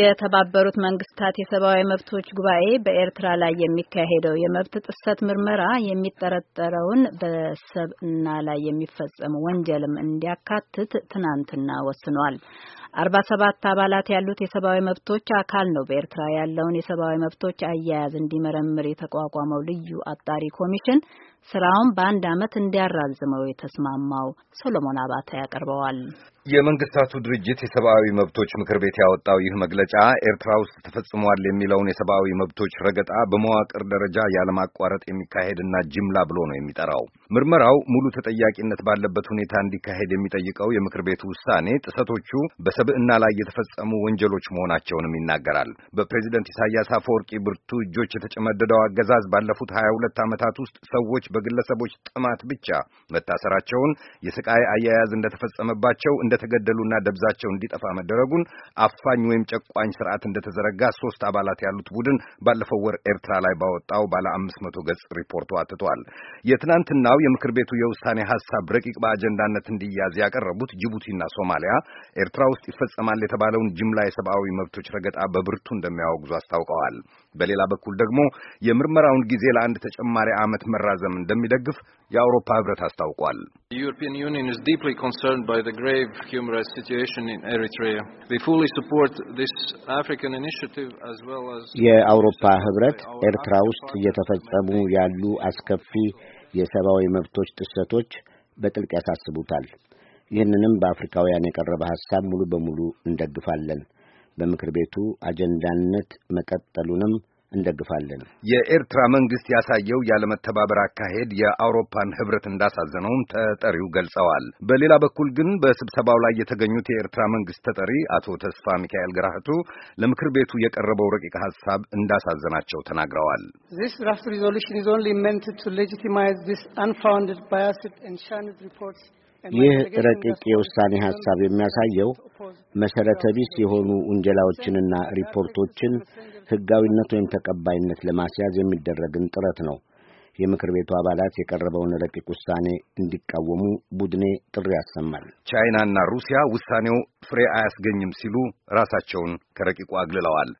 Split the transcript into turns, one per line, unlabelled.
የተባበሩት መንግስታት የሰብአዊ መብቶች ጉባኤ በኤርትራ ላይ የሚካሄደው የመብት ጥሰት ምርመራ የሚጠረጠረውን በሰብእና ላይ የሚፈጸም ወንጀልም እንዲያካትት ትናንትና ወስኗል። አርባ ሰባት አባላት ያሉት የሰብአዊ መብቶች አካል ነው በኤርትራ ያለውን የሰብአዊ መብቶች አያያዝ እንዲመረምር የተቋቋመው ልዩ አጣሪ ኮሚሽን ስራውን በአንድ ዓመት እንዲያራዝመው የተስማማው። ሰሎሞን አባተ ያቀርበዋል።
የመንግስታቱ ድርጅት የሰብአዊ መብቶች ምክር ቤት ያወጣው ይህ መግለጫ ኤርትራ ውስጥ ተፈጽሟል የሚለውን የሰብአዊ መብቶች ረገጣ በመዋቅር ደረጃ ያለማቋረጥ የሚካሄድና ጅምላ ብሎ ነው የሚጠራው። ምርመራው ሙሉ ተጠያቂነት ባለበት ሁኔታ እንዲካሄድ የሚጠይቀው የምክር ቤቱ ውሳኔ ጥሰቶቹ በሰብዕና ላይ የተፈጸሙ ወንጀሎች መሆናቸውንም ይናገራል። በፕሬዚደንት ኢሳያስ አፈወርቂ ብርቱ እጆች የተጨመደደው አገዛዝ ባለፉት ሀያ ሁለት ዓመታት ውስጥ ሰዎች በግለሰቦች ጥማት ብቻ መታሰራቸውን፣ የስቃይ አያያዝ እንደተፈጸመባቸው፣ እንደተገደሉና ደብዛቸው እንዲጠፋ መደረጉን፣ አፋኝ ወይም ጨቋኝ ስርዓት እንደተዘረጋ ሶስት አባላት ያሉት ቡድን ባለፈው ወር ኤርትራ ላይ ባወጣው ባለ አምስት መቶ ገጽ ሪፖርቱ አትቷል። የትናንትናው የምክር ቤቱ የውሳኔ ሀሳብ ረቂቅ በአጀንዳነት እንዲያዝ ያቀረቡት ጅቡቲና ሶማሊያ ኤርትራ ውስጥ ይፈጸማል የተባለውን ጅምላ የሰብአዊ መብቶች ረገጣ በብርቱ እንደሚያወግዙ አስታውቀዋል። በሌላ በኩል ደግሞ የምርመራውን ጊዜ ለአንድ ተጨማሪ ዓመት መራዘም እንደሚደግፍ የአውሮፓ ህብረት አስታውቋል።
የአውሮፓ ህብረት ኤርትራ ውስጥ እየተፈጸሙ ያሉ አስከፊ የሰብአዊ መብቶች ጥሰቶች በጥልቅ ያሳስቡታል። ይህንንም በአፍሪካውያን የቀረበ ሐሳብ ሙሉ በሙሉ እንደግፋለን። በምክር ቤቱ አጀንዳነት መቀጠሉንም እንደግፋለን።
የኤርትራ መንግስት ያሳየው ያለመተባበር አካሄድ የአውሮፓን ህብረት እንዳሳዘነውም ተጠሪው ገልጸዋል። በሌላ በኩል ግን በስብሰባው ላይ የተገኙት የኤርትራ መንግስት ተጠሪ አቶ ተስፋ ሚካኤል ግራህቱ ለምክር ቤቱ የቀረበው ረቂቅ ሀሳብ እንዳሳዘናቸው ተናግረዋል።
ይህ ረቂቅ
የውሳኔ ሐሳብ የሚያሳየው መሠረተ ቢስ የሆኑ ውንጀላዎችንና ሪፖርቶችን ሕጋዊነት ወይም ተቀባይነት ለማስያዝ የሚደረግን ጥረት ነው። የምክር ቤቱ አባላት የቀረበውን ረቂቅ ውሳኔ እንዲቃወሙ ቡድኔ ጥሪ ያሰማል።
ቻይናና ሩሲያ ውሳኔው ፍሬ አያስገኝም ሲሉ ራሳቸውን ከረቂቁ አግልለዋል።